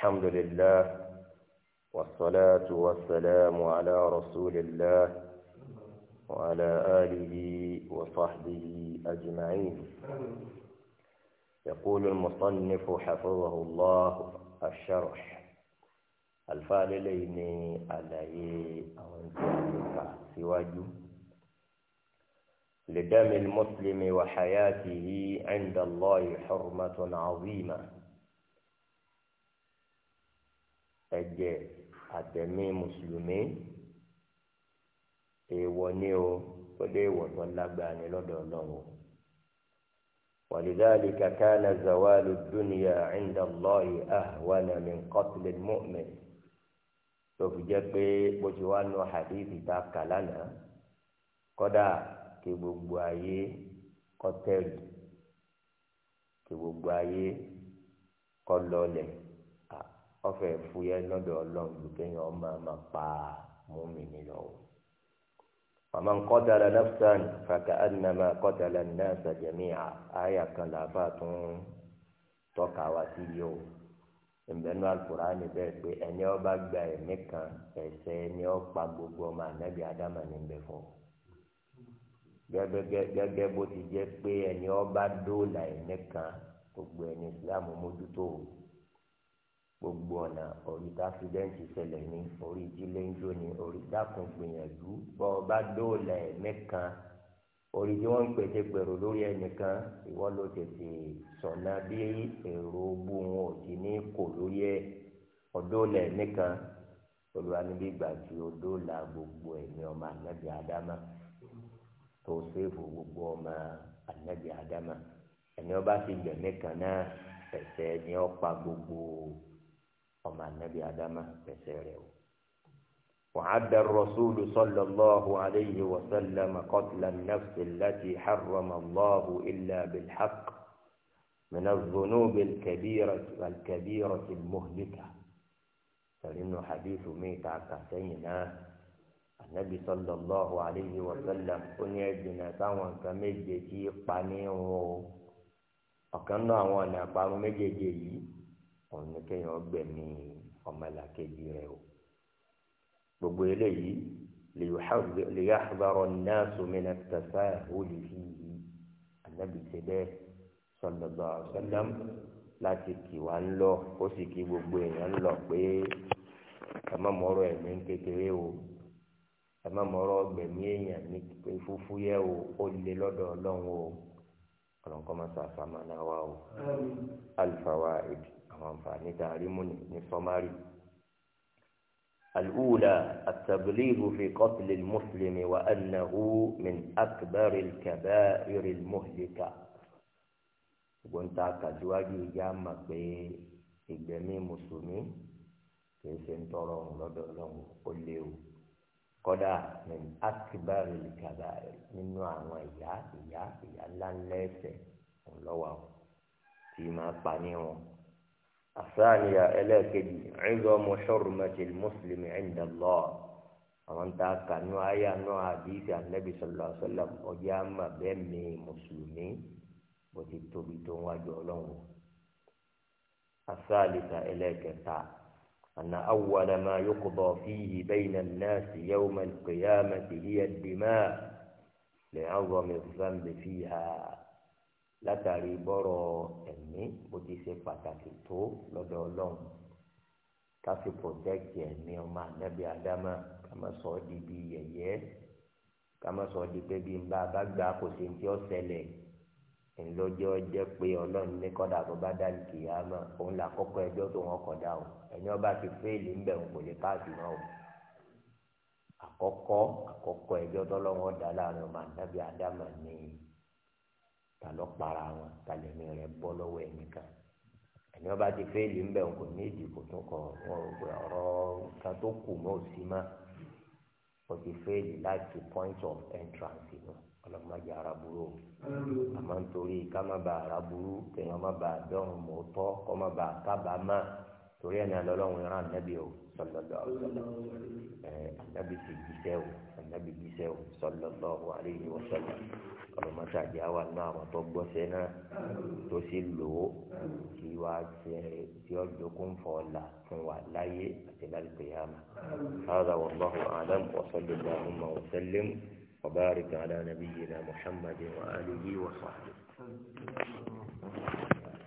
الحمد لله والصلاة والسلام على رسول الله وعلى آله وصحبه أجمعين يقول المصنف حفظه الله الشرح الفعل لين على سواجه لدم المسلم وحياته عند الله حرمة عظيمة ẹ̀jẹ̀ àtẹ̀mí mùsùlùmí èèwọ̀ ni o ó dé èèwọ̀ tó lágbára ni lọ́dọ̀ ọlọ́run o. ولذلك كان زوال الدنيا عند الله أهون من قتل المؤمن tó fi jẹ́ pé bó ti wá nu hadithi ta kà lánàá kí gbogbo ayé kọtẹ́lì kí gbogbo ayé kọlọlẹ̀ ọfẹ fúyẹ lọ́dọ̀ Ọlọ́run ju kéèyàn ọmọ àmà pa mùmínì lọ o màmá qatala nafsan faka'annama qatala an-nasa jami'a àyà kan làbá tún tọ́ka wá sí yìí o ìbẹ̀nu alukurani bẹ́ẹ̀ pé ẹni ọba gba ẹ̀mí kan ẹ̀ṣẹ̀ ẹni ọ̀pa gbogbo ọmọ anabi adama ní bẹ fún gẹ́gẹ́ bó ti jẹ́ pé ẹni ọba dóòlà ẹ̀mí kan gbogbo ẹni islam mójútó o. gbogbo ọ̀nà orí tásídẹ́ǹtì ṣẹlẹ̀ ní orí ìdílé ń jó ní orí dákun gbìyànjú bọ́ ọ bá dóòlà ẹ̀mí kan orí tí wọ́n ń pètè pèrò lórí ẹnìkan ìwọ ló tètè sọ̀nà bí èrò bú wọn ò ti ní kò lórí ẹ̀ ọ̀dóòlà níbi ìgbà tí ọmọ النبي adama بسيره وعد الرسول صلى الله عليه وسلم قتل النفس التي حرم الله إلا بالحق من الذنوب الكبيرة الكبيرة المهلكة فإنه حديث ميت عكسينا النبي صلى الله عليه وسلم قل يدنا سوى كمجتي قنيه وكان هو نقام مجتي òun ni kéèyàn gbẹ̀mí ọmọlàkejì rẹ̀ o gbogbo eléyìí lèyàbàrọ̀ náà sọmínà tẹ̀sà òòlì fìyí ànábì ṣe bẹ́ẹ̀ sallallahu alaihi wasallam láti kì wá ń lọ ó sì kí gbogbo èèyàn ń lọ pé ẹ má mọ̀rọ̀ ẹ̀mí kékeré o ẹ má mọ̀rọ̀ gbẹ̀mí èèyàn ní pé fúfú yẹ o ó lé lọ́dọ̀ ọlọ́run o ọlọ́run kọ́ máa ṣàfàmà náà wá o. alfawaid àwọn àǹfààní tá a rí mú ní sọmárì. الأولى التبليغ في قتل المسلم وأنه من أكبر الكبائر المهلكة gbọ́n tá a kàdíwájú ìjà mà pé ìgbẹ̀mí mùsùlùmí kì í ṣe ń tọrọ ọ̀hún lọ́dọ̀ ọlọ́run ó léwu kọ́dà min akibari kaba nínú àwọn ìyá ìyá ìyá ńláńlá ẹ̀ṣẹ̀ ńlọ́wọ́ tí máa pa ní wọn àsáàníyà ẹlẹ́ẹ̀kejì izamu hurmati al-muslimi inda Allah àwọn tá a kà nù àyà nù àdìsí ànábì sallallahu alaihi wasallam ọjà àmà bẹ́ẹ̀ mi mùsùlùmí bó ti tóbi tó wájú ọlọ́run àsáàlìta ẹlẹ́ẹ̀kẹta. أن أول ما يقضى فيه بين الناس يوم القيامة هي الدماء لعظم الذنب فيها látàrí bọ́rọ̀ ẹ̀mí bó ti ṣe pàtàkì tó lọ́dọ̀ ọlọ́run ká fi protect ẹ̀mí ọmọ ànábì ádámà ká má sọ ọ́ di bí yẹ̀yẹ́ ká má sọ ọ́ di pé bí n bá bá gbà kò sí ní tí ó ṣẹlẹ̀ ńlọ́jọ́ jẹ́ pé ọlọ́run ní kọ́dà tó bá dá ní kìyàmà òun là kọ́kọ́ ẹjọ́ tó wọn kọ̀dá o ẹni ọba ti fẹ́ẹ̀lì ń bẹ̀ ń kò lè káàdì náà o àkọ́kọ́ àkọ́kọ́ ẹjọ́ tọ́lọ́wọ́n dá láàrin ọmọ ànábì ádámà ní ta kpara para wọn ta lè ní rẹ bọ́ lọ́wọ́ ẹnìkan ẹni wọn bá ti fẹ́ẹ̀lì ńbẹ̀ wọn kò ní ìdìbò tó kọ wọn tó kù ti láti point of entrance nù ọlọ́mọdé araburu àmọ́ nítorí ká má ba araburu kẹ́yìn má ba dọ́rùn mọ́tọ́ má ba torí ẹni alọ́lọ́run ìran ànábì o sallallahu alaihi wasallam ànábì ti jíṣẹ́ o ànábì jíṣẹ́ o sallallahu alaihi wasallam ọlọ́mọṣáàjì àwa náà àwọn tó gbọ́sẹ̀ náà tó sì lò ó kí wá ṣe tí ó jogún fọlá fún wa láyé àti lálùkìyàmà. hādhā wallāhu a'lam wa sallallāhu wa sallim wa bārik 'alā nabiyyinā Muhammadin wa ālihi wa sahbihi.